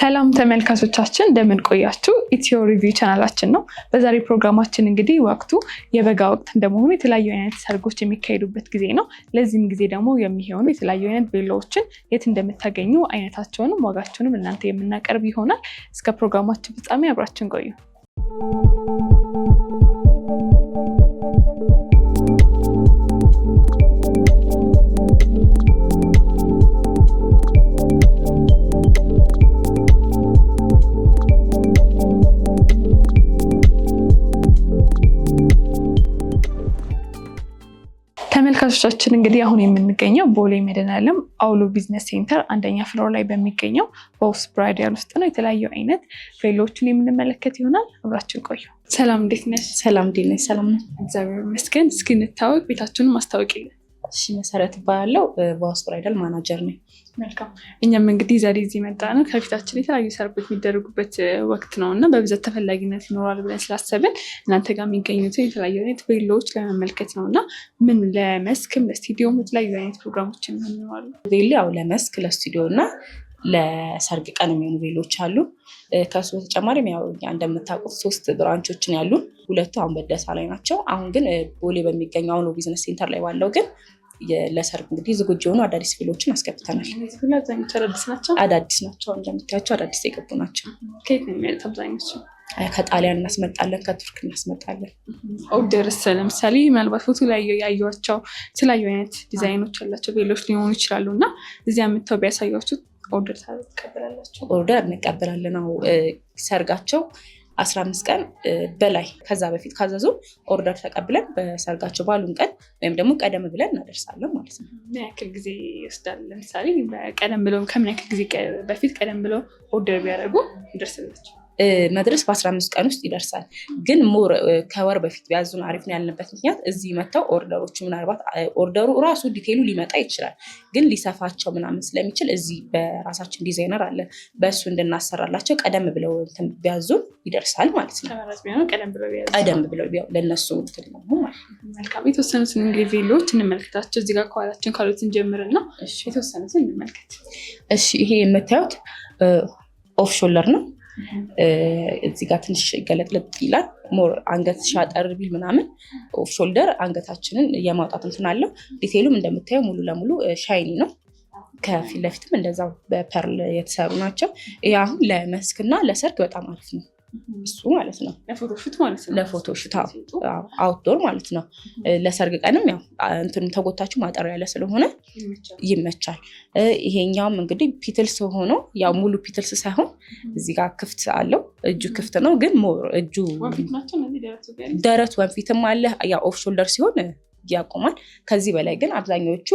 ሰላም ተመልካቾቻችን እንደምን ቆያችሁ? ኢትዮ ሪቪው ቻናላችን ነው። በዛሬ ፕሮግራማችን እንግዲህ ወቅቱ የበጋ ወቅት እንደመሆኑ የተለያዩ አይነት ሰርጎች የሚካሄዱበት ጊዜ ነው። ለዚህም ጊዜ ደግሞ የሚሆኑ የተለያዩ አይነት ቬሎዎችን የት እንደምታገኙ አይነታቸውንም ዋጋቸውንም እናንተ የምናቀርብ ይሆናል። እስከ ፕሮግራማችን ፍጻሜ አብራችን ቆዩ። ተመልካቾቻችን እንግዲህ አሁን የምንገኘው ቦሌ መድኃኔዓለም አውሎ ቢዝነስ ሴንተር አንደኛ ፍሎር ላይ በሚገኘው በውስ ብራይዳል ውስጥ ነው። የተለያዩ አይነት ቬሎዎችን የምንመለከት ይሆናል። አብራችን ቆዩ። ሰላም፣ እንዴት ነሽ? ሰላም፣ እንዴት ነሽ? ሰላም ነው፣ እግዚአብሔር ይመስገን። እስኪ እንታወቅ፣ ቤታችሁንም አስታውቂልን። እሺ መሰረት ይባላለው በዋስ ማናጀር ነኝ። መልካም። እኛም እንግዲህ ዛሬ እዚህ መጣ ነው ከፊታችን የተለያዩ ሰርጎች የሚደረጉበት ወቅት ነው እና በብዛት ተፈላጊነት ይኖራል ብለን ስላሰብን እናንተ ጋር የሚገኙትን የተለያዩ አይነት ቬሎዎች ለመመልከት ነው እና ምን ለመስክም ለስቱዲዮም የተለያዩ አይነት ፕሮግራሞች ይኖራሉ። ቬሎ ያው ለመስክ ለስቱዲዮ እና ለሰርግ ቀን የሚሆኑ ቬሎች አሉ። ከሱ በተጨማሪም ያው እንደምታውቁት ሶስት ብራንቾችን ያሉን ሁለቱ አሁን በደሳ ላይ ናቸው። አሁን ግን ቦሌ በሚገኘው አሁን ቢዝነስ ሴንተር ላይ ባለው ግን ለሰርግ እንግዲህ ዝግጁ የሆኑ አዳዲስ ፊሎችን አስገብተናል። አዳዲስ ናቸው እንደምታያቸው አዳዲስ የገቡ ናቸው። ከጣሊያን እናስመጣለን፣ ከቱርክ እናስመጣለን። ኦርደርስ ለምሳሌ ምናልባት ፎቶ ላይ ያየኋቸው የተለያዩ አይነት ዲዛይኖች ያላቸው ቬሎች ሊሆኑ ይችላሉ እና እዚያ የምታው ቢያሳያችሁ ኦርደር ታቀበላላቸው? ኦርደር እንቀበላለን። ሰርጋቸው 15 ቀን በላይ ከዛ በፊት ካዘዙ ኦርደር ተቀብለን በሰርጋቸው ባሉን ቀን ወይም ደግሞ ቀደም ብለን እናደርሳለን ማለት ነው። ምን ያክል ጊዜ ይወስዳል? ለምሳሌ ቀደም ብሎ ከምን ያክል ጊዜ በፊት ቀደም ብሎ ኦርደር ቢያደርጉ ይደርስላቸው? መድረስ በ15 ቀን ውስጥ ይደርሳል። ግን ሞር ከወር በፊት ቢያዙን አሪፍ ነው ያልንበት ምክንያት እዚህ መጥተው ኦርደሮቹ ምናልባት ኦርደሩ ራሱ ዲቴይሉ ሊመጣ ይችላል። ግን ሊሰፋቸው ምናምን ስለሚችል እዚህ በራሳችን ዲዛይነር አለ፣ በእሱ እንድናሰራላቸው ቀደም ብለው ቢያዙ ይደርሳል ማለት ነው። ቀደም ብለው ቢያው ለእነሱ ትል ነው ማለት የተወሰኑትን እንግዲህ ቬሎዎች እንመልከታቸው። እዚጋ ጋር ከኋላችን ካሉትን ጀምርና የተወሰኑትን እንመልከት። እሺ ይሄ የምታዩት ኦፍ ሾለር ነው እዚህ ጋር ትንሽ ገለጥለጥ ይላል። ሞር አንገት ሻጠር ቢል ምናምን ኦፍ ሾልደር አንገታችንን የማውጣት እንትን አለው። ዲቴይሉም እንደምታየው ሙሉ ለሙሉ ሻይኒ ነው። ከፊት ለፊትም እንደዛው በፐርል የተሰሩ ናቸው። ይህ አሁን ለመስክና ለሰርግ በጣም አሪፍ ነው። እሱ ማለት ነው ለፎቶሹት አውትዶር ማለት ነው። ለሰርግ ቀንም ያው እንትን ተጎታችሁ ማጠር ያለ ስለሆነ ይመቻል። ይሄኛውም እንግዲህ ፒትልስ ሆኖ ያው ሙሉ ፒትልስ ሳይሆን እዚህ ጋር ክፍት አለው። እጁ ክፍት ነው ግን እጁ ደረት ወንፊትም አለ ያው ኦፍ ሾልደር ሲሆን ያቆማል። ከዚህ በላይ ግን አብዛኛዎቹ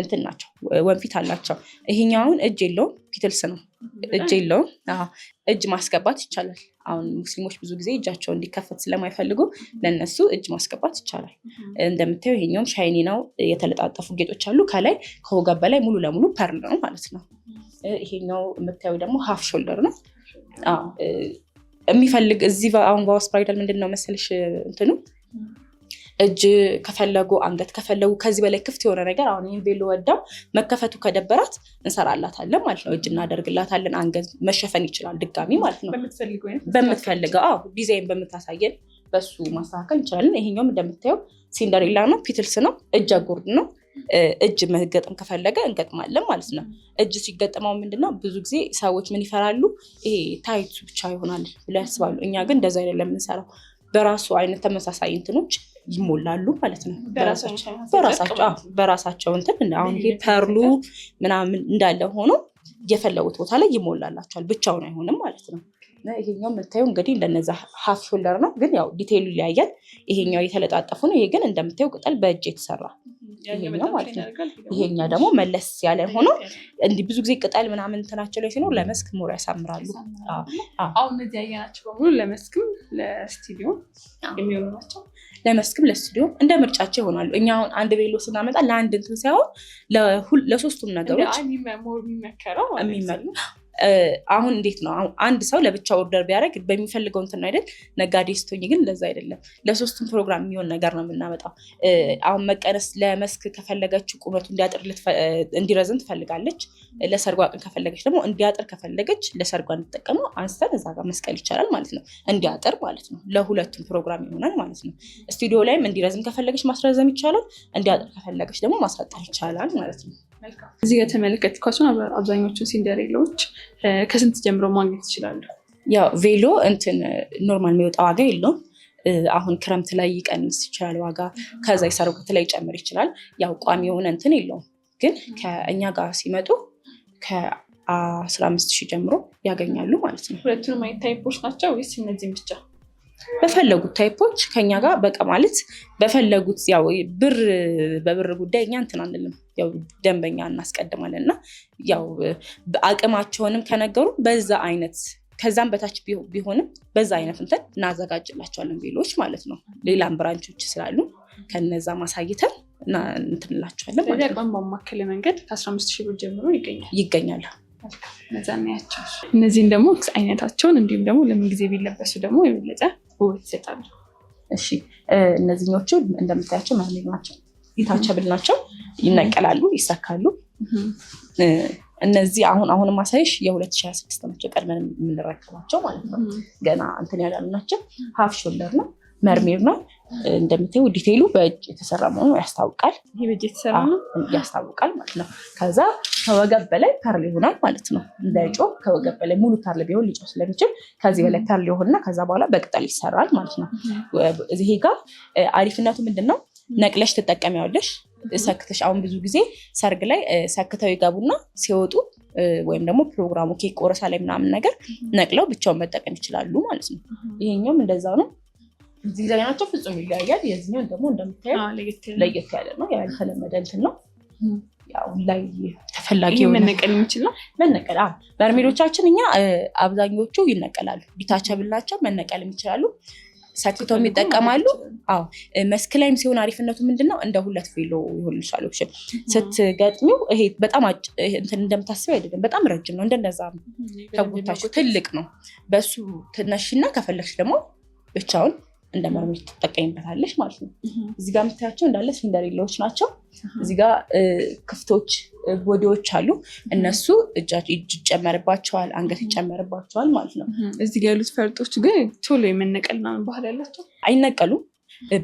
እንትን ናቸው፣ ወንፊት አላቸው። ይሄኛውን እጅ የለውም፣ ፒትልስ ነው፣ እጅ የለውም። እጅ ማስገባት ይቻላል። አሁን ሙስሊሞች ብዙ ጊዜ እጃቸው እንዲከፈት ስለማይፈልጉ ለነሱ እጅ ማስገባት ይቻላል። እንደምታየው ይሄኛውም ሻይኒ ነው፣ የተለጣጠፉ ጌጦች አሉ። ከላይ ከወገብ በላይ ሙሉ ለሙሉ ፐርል ነው ማለት ነው። ይሄኛው የምታየው ደግሞ ሀፍ ሾልደር ነው የሚፈልግ እዚህ አሁን በዋስ ብራይዳል ምንድን ነው መሰልሽ እንትኑ እጅ ከፈለጉ አንገት ከፈለጉ ከዚህ በላይ ክፍት የሆነ ነገር አሁን ይህን ቤሎ ወዳው መከፈቱ ከደበራት እንሰራላታለን ማለት ነው። እጅ እናደርግላታለን። አንገት መሸፈን ይችላል ድጋሚ ማለት ነው። በምትፈልገው ዲዛይን በምታሳየን በሱ ማስተካከል እንችላለን። ይሄኛውም እንደምታየው ሲንደሬላ ነው፣ ፒትልስ ነው፣ እጅ አጉርድ ነው። እጅ መገጠም ከፈለገ እንገጥማለን ማለት ነው። እጅ ሲገጠመው ምንድነው ብዙ ጊዜ ሰዎች ምን ይፈራሉ? ይሄ ታይቱ ብቻ ይሆናል ብለው ያስባሉ። እኛ ግን እንደዛ አይደለም የምንሰራው በራሱ አይነት ተመሳሳይ እንትኖች ይሞላሉ ማለት ነው። በራሳቸው እንትን አሁን ይሄ ፐርሉ ምናምን እንዳለ ሆኖ የፈለጉት ቦታ ላይ ይሞላላቸዋል። ብቻውን አይሆንም ማለት ነው። ይሄኛው የምታየው እንግዲህ እንደነዛ ሀፍ ሾለር ነው፣ ግን ያው ዲቴይሉ ይለያያል። ይሄኛው የተለጣጠፉ ነው። ይሄ ግን እንደምታየው ቅጠል በእጅ የተሰራ ይሄኛው ማለት ነው። ይሄኛ ደግሞ መለስ ያለ ሆኖ እንዲህ ብዙ ጊዜ ቅጠል ምናምን እንትናቸው ላይ ሲኖር ለመስክ ሞር ያሳምራሉ። አሁን እነዚህ ያየናቸው በሙሉ ለመስክም ለስቱዲዮ የሚሆኑ ናቸው። ለመስክም ለስቱዲዮ እንደ ምርጫቸው ይሆናሉ። እኛ አሁን አንድ ቤሎ ስናመጣ ለአንድ እንትን ሳይሆን ለሶስቱም ነገሮች የሚመከረው አሁን እንዴት ነው አንድ ሰው ለብቻ ኦርደር ቢያደርግ በሚፈልገው እንትን አይደል? ነጋዴ ስቶኝ ግን ለዛ አይደለም። ለሶስቱም ፕሮግራም የሚሆን ነገር ነው የምናመጣው። አሁን መቀነስ ለመስክ ከፈለገችው ቁመቱ እንዲያጥር ትፈልጋለች። ለሰርጓ ቀን ከፈለገች ደግሞ እንዲያጥር ከፈለገች ለሰርጓ እንድጠቀመው አንስተን እዛ ጋር መስቀል ይቻላል ማለት ነው። እንዲያጥር ማለት ነው። ለሁለቱም ፕሮግራም ይሆናል ማለት ነው። ስቱዲዮ ላይም እንዲረዝም ከፈለገች ማስረዘም ይቻላል። እንዲያጥር ከፈለገች ደግሞ ማሳጠር ይቻላል ማለት ነው። እዚህ የተመለከት ኳሱን አብዛኞቹን ሲንደሬሎች ከስንት ጀምሮ ማግኘት ይችላሉ? ያው ቬሎ እንትን ኖርማል የሚወጣ ዋጋ የለውም። አሁን ክረምት ላይ ይቀንስ ይችላል ዋጋ፣ ከዛ የሰርጉት ላይ ይጨምር ይችላል። ያው ቋሚ የሆነ እንትን የለውም፣ ግን ከእኛ ጋር ሲመጡ ከአስራ አምስት ሺህ ጀምሮ ያገኛሉ ማለት ነው። ሁለቱንም አይነት ታይፖች ናቸው ወይስ እነዚህም ብቻ? በፈለጉት ታይፖች ከኛ ጋር በቃ ማለት በፈለጉት ያው ብር በብር ጉዳይ እኛ እንትን አንልም፣ ያው ደንበኛ እናስቀድማለን እና ያው አቅማቸውንም ከነገሩ በዛ አይነት ከዛም በታች ቢሆንም በዛ አይነት እንትን እናዘጋጅላቸዋለን። ቤሎች ማለት ነው። ሌላም ብራንቾች ስላሉ ከነዛ ማሳይተን እንትንላቸዋለን ማለት ነው። በማማከለ መንገድ ከአስራ አምስት ሺህ ብር ጀምሮ ይገኛል ይገኛሉ። እነዚህን ደግሞ አይነታቸውን እንዲሁም ደግሞ ለምን ጊዜ ቢለበሱ ደግሞ የበለጠ ውበት ይሰጣሉ። እሺ እነዚህኞቹ እንደምታያቸው መርሜድ ናቸው፣ የታቸብል ናቸው፣ ይነቀላሉ፣ ይሰካሉ። እነዚህ አሁን አሁን ማሳይሽ የ2026 ናቸው፣ ቀድመን የምንረከባቸው ማለት ነው። ገና እንትን ያላሉ ናቸው። ሀፍ ሾልደር ነው፣ መርሜድ ነው። እንደምታዩ ዲቴይሉ በእጅ የተሰራ መሆኑ ያስታውቃል። ይሄ በእጅ የተሰራ ነው ያስታውቃል ማለት ነው። ከዛ ከወገብ በላይ ፐርል ይሆናል ማለት ነው። እንደ ከወገብ በላይ ሙሉ ፐርል ቢሆን ሊጮ ስለሚችል ከዚህ በላይ ፐርል ይሆንና ከዛ በኋላ በቅጠል ይሰራል ማለት ነው። እዚሄ ጋር አሪፍነቱ ምንድን ነው? ነቅለሽ ትጠቀሚያለሽ። ሰክተሽ አሁን ብዙ ጊዜ ሰርግ ላይ ሰክተው ይገቡና ሲወጡ ወይም ደግሞ ፕሮግራሙ ኬክ ቆረሳ ላይ ምናምን ነገር ነቅለው ብቻውን መጠቀም ይችላሉ ማለት ነው። ይሄኛውም እንደዛ ነው። ዲዛይናቸው ፍጹም ይለያያል። የዚህኛው ደግሞ እንደምታየው ለየት ያለ ነው። ያልተለመደ እንትን ነው። ያው ላይ ተፈላጊ መነቀል የሚችል ነው። መነቀል በርሜሎቻችን እኛ አብዛኞቹ ይነቀላሉ። ቢታቸብል ናቸው። መነቀልም ይችላሉ። ሰክተውም ይጠቀማሉ። አዎ መስክ ላይም ሲሆን አሪፍነቱ ምንድነው እንደ ሁለት ፌሎ ይሆንልሻል። ኦፕሽን ስትገጥሚው ይሄ በጣም እንትን እንደምታስብ አይደለም። በጣም ረጅም ነው። እንደነዛ ነው። ተጎታችሁ ትልቅ ነው። በሱ ትነሽና ከፈለግሽ ደግሞ ብቻውን እንደ መርሜት ትጠቀሚበታለሽ ማለት ነው። እዚህ ጋር የምታያቸው እንዳለ ሲንደሬላዎች ናቸው። እዚህ ጋር ክፍቶች ቦዲዎች አሉ። እነሱ እጅ ይጨመርባቸዋል፣ አንገት ይጨመርባቸዋል ማለት ነው። እዚህ ጋር ያሉት ፈርጦች ግን ቶሎ የመነቀል ምናምን ባህል ያላቸው አይነቀሉም።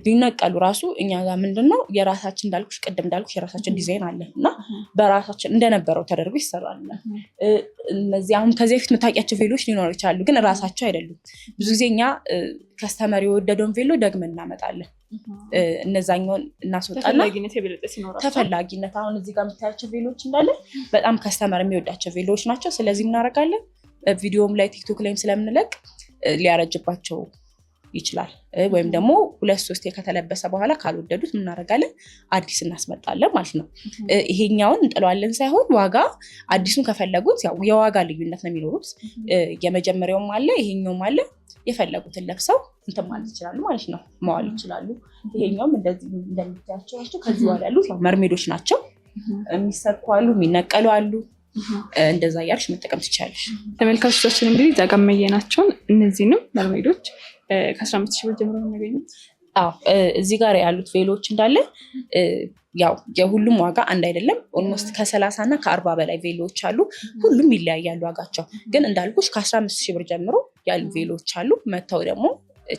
ቢነቀሉ ራሱ እኛ ጋር ምንድን ነው የራሳችን እንዳልኩሽ ቅድም እንዳልኩሽ የራሳችን ዲዛይን አለን እና በራሳችን እንደነበረው ተደርጎ ይሰራል። እነዚህ አሁን ከዚህ በፊት የምታውቂያቸው ቬሎች ሊኖሩ ይችላሉ፣ ግን ራሳቸው አይደሉም። ብዙ ጊዜ እኛ ከስተመር የወደደውን ቬሎ ደግመን እናመጣለን። እነዛኛውን እናስወጣና ተፈላጊነት አሁን እዚህ ጋር የምታያቸው ቬሎች እንዳለ በጣም ከስተመር የሚወዳቸው ቬሎዎች ናቸው። ስለዚህ እናደርጋለን ቪዲዮም ላይ ቲክቶክ ላይም ስለምንለቅ ሊያረጅባቸው ይችላል። ወይም ደግሞ ሁለት ሶስቴ ከተለበሰ በኋላ ካልወደዱት ምናደርጋለን አዲስ እናስመጣለን ማለት ነው። ይሄኛውን እንጥለዋለን ሳይሆን ዋጋ አዲሱን ከፈለጉት የዋጋ ልዩነት ነው የሚኖሩት። የመጀመሪያውም አለ ይሄኛውም አለ። የፈለጉትን ለብሰው እንትን ማለት ይችላሉ ማለት ነው፣ መዋል ይችላሉ። ይሄኛውም እንደዚህ እንደሚታያቸው ከዚህ በኋላ ያሉት መርሜዶች ናቸው። የሚሰኩ አሉ፣ የሚነቀሉ አሉ እንደዛ እያልሽ መጠቀም ትችላለሽ። ተመልካቾቻችን እንግዲህ እዛ ጋር መየናቸውን እነዚህንም መርሜዶች ከአስራ አምስት ሺህ ብር ጀምሮ እዚህ ጋር ያሉት ቬሎዎች እንዳለ ያው የሁሉም ዋጋ አንድ አይደለም። ኦልሞስት ከሰላሳ እና ከአርባ በላይ ቬሎዎች አሉ። ሁሉም ይለያያሉ ዋጋቸው። ግን እንዳልኩሽ ከአስራ አምስት ሺህ ብር ጀምሮ ያሉ ቬሎዎች አሉ። መጥተው ደግሞ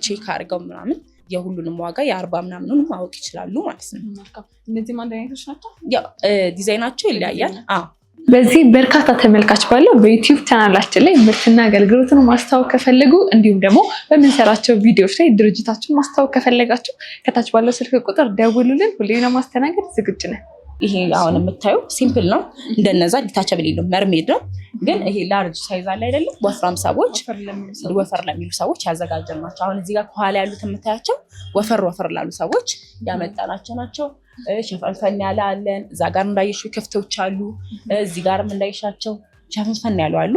ቼክ አድርገው ምናምን የሁሉንም ዋጋ የአርባ ምናምኑን ማወቅ ይችላሉ ማለት ነው። እነዚህም አንድ አይነቶች ናቸው። ዲዛይናቸው ይለያያል። በዚህ በርካታ ተመልካች ባለው በዩቲዩብ ቻናላችን ላይ ምርትና አገልግሎትን ማስታወቅ ከፈለጉ እንዲሁም ደግሞ በምንሰራቸው ቪዲዮዎች ላይ ድርጅታችሁን ማስታወቅ ከፈለጋችሁ ከታች ባለው ስልክ ቁጥር ደውሉልን። ሁሌ ለማስተናገድ ዝግጁ ነን። ይሄ አሁን የምታዩ ሲምፕል ነው። እንደነዛ ዲታቸብል የለውም መርሜድ ነው። ግን ይሄ ላርጅ ሳይዝ አለ አይደለም፣ ወፍራም ሰዎች ወፈር ለሚሉ ሰዎች ያዘጋጀን ናቸው። አሁን እዚህ ጋር ከኋላ ያሉት የምታያቸው ወፈር ወፈር ላሉ ሰዎች ያመጣናቸው ናቸው። ሸፈንፈን ያለ አለን። እዛ ጋር እንዳየሽው ክፍቶች አሉ። እዚህ ጋርም እንዳይሻቸው ሸፈንፈን ያሉ አሉ።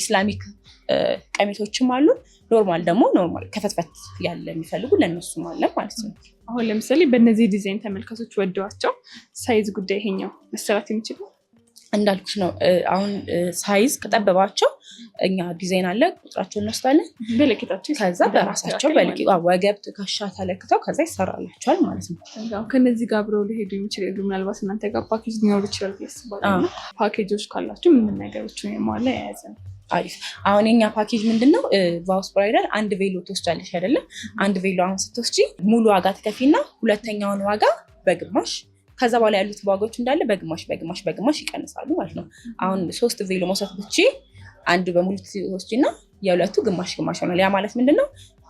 ኢስላሚክ ቀሚሶችም አሉ። ኖርማል ደግሞ ኖርማል ከፈትፈት ያለ የሚፈልጉ ለነሱ አለ ማለት ነው። አሁን ለምሳሌ በእነዚህ ዲዛይን ተመልካቶች ወደዋቸው ሳይዝ ጉዳይ ይሄኛው መሰራት የሚችሉ እንዳልኩሽ ነው። አሁን ሳይዝ ከጠበባቸው እኛ ዲዛይን አለ ቁጥራቸው እንወስዳለን በልኬታቸው ከዛ በራሳቸው ወገብ፣ ትከሻ ተለክተው ከዛ ይሰራላቸዋል ማለት ነው። ከነዚህ ጋር አብረው ሊሄዱ የሚችላሉ። ምናልባት እናንተ ጋር ፓኬጅ ሊኖሩ ይችላል። ፓኬጆች ካላችሁ ምን ነገሮች ወይም የያዘ ነው አሪፍ። አሁን የኛ ፓኬጅ ምንድን ነው? ቫውስ ፕሮቫይደር አንድ ቬሎ ትወስጃለሽ አይደለም? አንድ ቬሎ አሁን ስትወስጂ ሙሉ ዋጋ ትከፊና ሁለተኛውን ዋጋ በግማሽ ከዛ በኋላ ያሉት ዋጋዎች እንዳለ በግማሽ በግማሽ በግማሽ ይቀንሳሉ ማለት ነው። አሁን ሶስት ቬሎ መውሰድ ብቺ አንዱ በሙሉ ትወስጂ እና የሁለቱ ግማሽ ግማሽ ሆናል። ያ ማለት ምንድን ነው?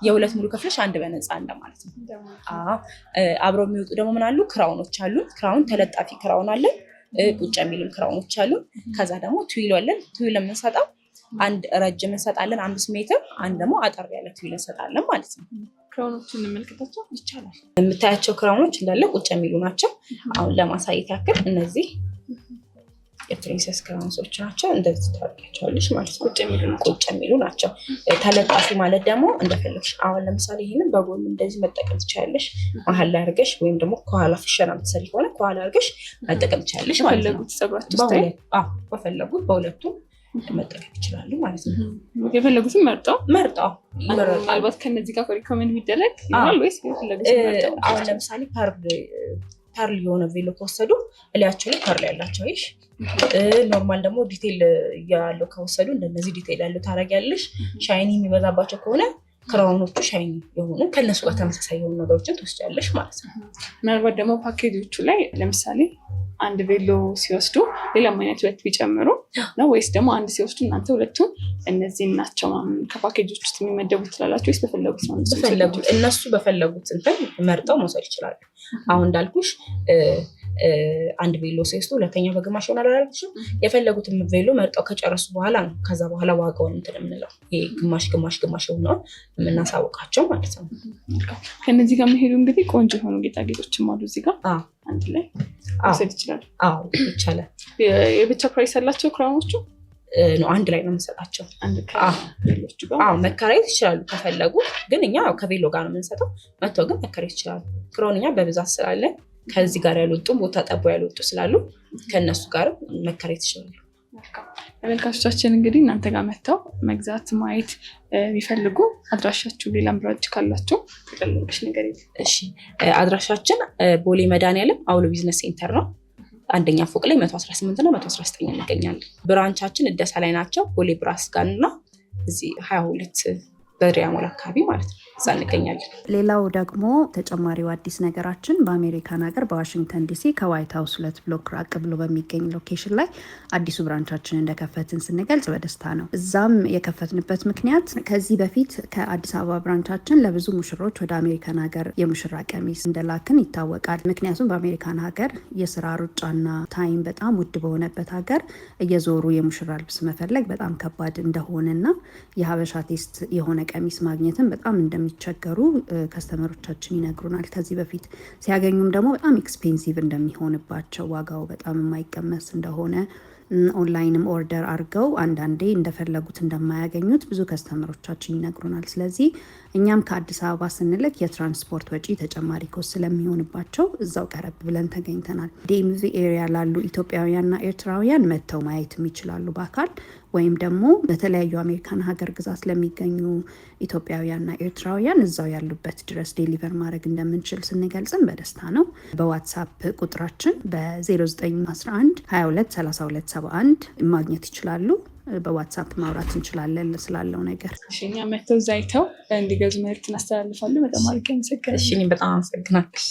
የሁለት ሙሉ ከፍለሽ አንድ በነፃ አለ ማለት ነው። አብረው የሚወጡ ደግሞ ምን አሉ? ክራውኖች አሉ። ክራውን ተለጣፊ ክራውን አለን፣ ቁጭ የሚሉም ክራውኖች አሉ። ከዛ ደግሞ ትዊል አለን። ትዊል የምንሰጠው አንድ ረጅም እንሰጣለን አምስት ሜትር፣ አንድ ደግሞ አጠር ያለ ትዊል እንሰጣለን ማለት ነው። ክራውኖችን እንመልከታቸው ይቻላል። የምታያቸው ክራውኖች እንዳለ ቁጭ የሚሉ ናቸው። አሁን ለማሳየት ያክል እነዚህ የፕሪንሰስ ክራውንሶች ናቸው። እንደዚህ ታርቂያቸዋለሽ ማለት ነው። ቁጭ የሚሉ ናቸው። ተለጣፊ ማለት ደግሞ እንደፈለግሽ አሁን ለምሳሌ ይህንን በጎን እንደዚህ መጠቀም ትችላለሽ። መሀል ላይ አድርገሽ ወይም ደግሞ ከኋላ ፍሸና ምትሰሪ ከሆነ ከኋላ አድርገሽ መጠቀም ትችላለሽ ማለት ነው። በፈለጉት በሁለቱም መጠቀም ይችላሉ ማለት ነው። የፈለጉትም መርጠው መርጠው ምናልባት ከነዚህ ጋር ሪኮመንድ የሚደረግ ይሆናል ወይስ መርጠው አሁን ለምሳሌ ፐርል የሆነ ቬሎ ከወሰዱ እላያቸው ላይ ፐርል ያላቸው ይሽ ኖርማል ደግሞ ዲቴል ያለው ከወሰዱ እንደነዚህ ዲቴል ያለው ታረጊያለሽ። ሻይኒ የሚበዛባቸው ከሆነ ክራውኖቹ ሻይኒ የሆኑ ከእነሱ ጋር ተመሳሳይ የሆኑ ነገሮችን ትወስጃለሽ ማለት ነው። ምናልባት ደግሞ ፓኬጆቹ ላይ ለምሳሌ አንድ ቬሎ ሲወስዱ ሌላም አይነት ሁለት ቢጨምሩ ነው ወይስ ደግሞ አንድ ሲወስዱ እናንተ ሁለቱም እነዚህ ናቸው ከፓኬጆች ውስጥ የሚመደቡት ትላላቸው ወይስ በፈለጉት በፈለጉት እነሱ በፈለጉት እንትን መርጠው መውሰድ ይችላሉ። አሁን እንዳልኩሽ አንድ ቬሎ ሴስቱ ሁለተኛው በግማሽ ይሆናል አላለችም። የፈለጉትን ቬሎ መርጠው ከጨረሱ በኋላ ነው ከዛ በኋላ ዋጋውን እንትን የምንለው ይሄ ግማሽ ግማሽ ግማሽ የሆነውን የምናሳውቃቸው ማለት ነው። ከነዚህ ጋር መሄዱ እንግዲህ ቆንጆ የሆኑ ጌጣጌጦችም አሉ እዚህ ጋር አንድ ላይ መውሰድ ይችላል። አዎ ይቻላል። የብቻ ፕራይስ ያላቸው ክራሞቹ ነው አንድ ላይ ነው የምንሰጣቸው። መከራየት ይችላሉ ከፈለጉ፣ ግን እኛ ከቬሎ ጋር ነው የምንሰጠው። መጥተው ግን መከራየት ይችላሉ። ክሮን እኛ በብዛት ስላለን ከዚህ ጋር ያልወጡ ቦታ ጠቦ ያልወጡ ስላሉ ከእነሱ ጋርም መከራየት ይችላሉ። ተመልካቾቻችን እንግዲህ እናንተ ጋር መጥተው መግዛት ማየት ቢፈልጉ አድራሻችሁ ሌላ ምራጭ ካላችሁ ተቀለሽ ነገር እሺ፣ አድራሻችን ቦሌ መድኃኒዓለም አውሎ ቢዝነስ ሴንተር ነው። አንደኛ ፎቅ ላይ 118 እና 119 እንገኛለን። ብራንቻችን እደሳ ላይ ናቸው። ቦሌ ብራስ ጋንና እዚህ 22 በሪያሞል አካባቢ ማለት ነው። እዛ እንገኛለን። ሌላው ደግሞ ተጨማሪው አዲስ ነገራችን በአሜሪካን ሀገር በዋሽንግተን ዲሲ ከዋይት ሀውስ ሁለት ብሎክ ራቅ ብሎ በሚገኝ ሎኬሽን ላይ አዲሱ ብራንቻችን እንደከፈትን ስንገልጽ በደስታ ነው። እዛም የከፈትንበት ምክንያት ከዚህ በፊት ከአዲስ አበባ ብራንቻችን ለብዙ ሙሽሮች ወደ አሜሪካን ሀገር የሙሽራ ቀሚስ እንደላክን ይታወቃል። ምክንያቱም በአሜሪካን ሀገር የስራ ሩጫና ታይም በጣም ውድ በሆነበት ሀገር እየዞሩ የሙሽራ ልብስ መፈለግ በጣም ከባድ እንደሆነና የሀበሻ ቴስት የሆነ ቀሚስ ማግኘትም በጣም እንደሚቸገሩ ከስተመሮቻችን ይነግሩናል። ከዚህ በፊት ሲያገኙም ደግሞ በጣም ኤክስፔንሲቭ እንደሚሆንባቸው ዋጋው በጣም የማይቀመስ እንደሆነ ኦንላይንም ኦርደር አድርገው አንዳንዴ እንደፈለጉት እንደማያገኙት ብዙ ከስተመሮቻችን ይነግሩናል። ስለዚህ እኛም ከአዲስ አበባ ስንልክ የትራንስፖርት ወጪ ተጨማሪ ኮስ ስለሚሆንባቸው እዛው ቀረብ ብለን ተገኝተናል። ዲኤምቪ ኤሪያ ላሉ ኢትዮጵያውያንና ኤርትራውያን መጥተው ማየትም ይችላሉ በአካል ወይም ደግሞ በተለያዩ አሜሪካን ሀገር ግዛት ለሚገኙ ኢትዮጵያውያንና ኤርትራውያን እዛው ያሉበት ድረስ ዴሊቨር ማድረግ እንደምንችል ስንገልጽም በደስታ ነው። በዋትሳፕ ቁጥራችን በ0911 223271 ማግኘት ይችላሉ። በዋትሳፕ ማውራት እንችላለን ስላለው ነገር። እኛ መተው ዛይተው እንዲገዙ መልዕክት እናስተላልፋለን። በጣም አድርጌ አመሰግናለሁ። በጣም አመሰግናለሁ።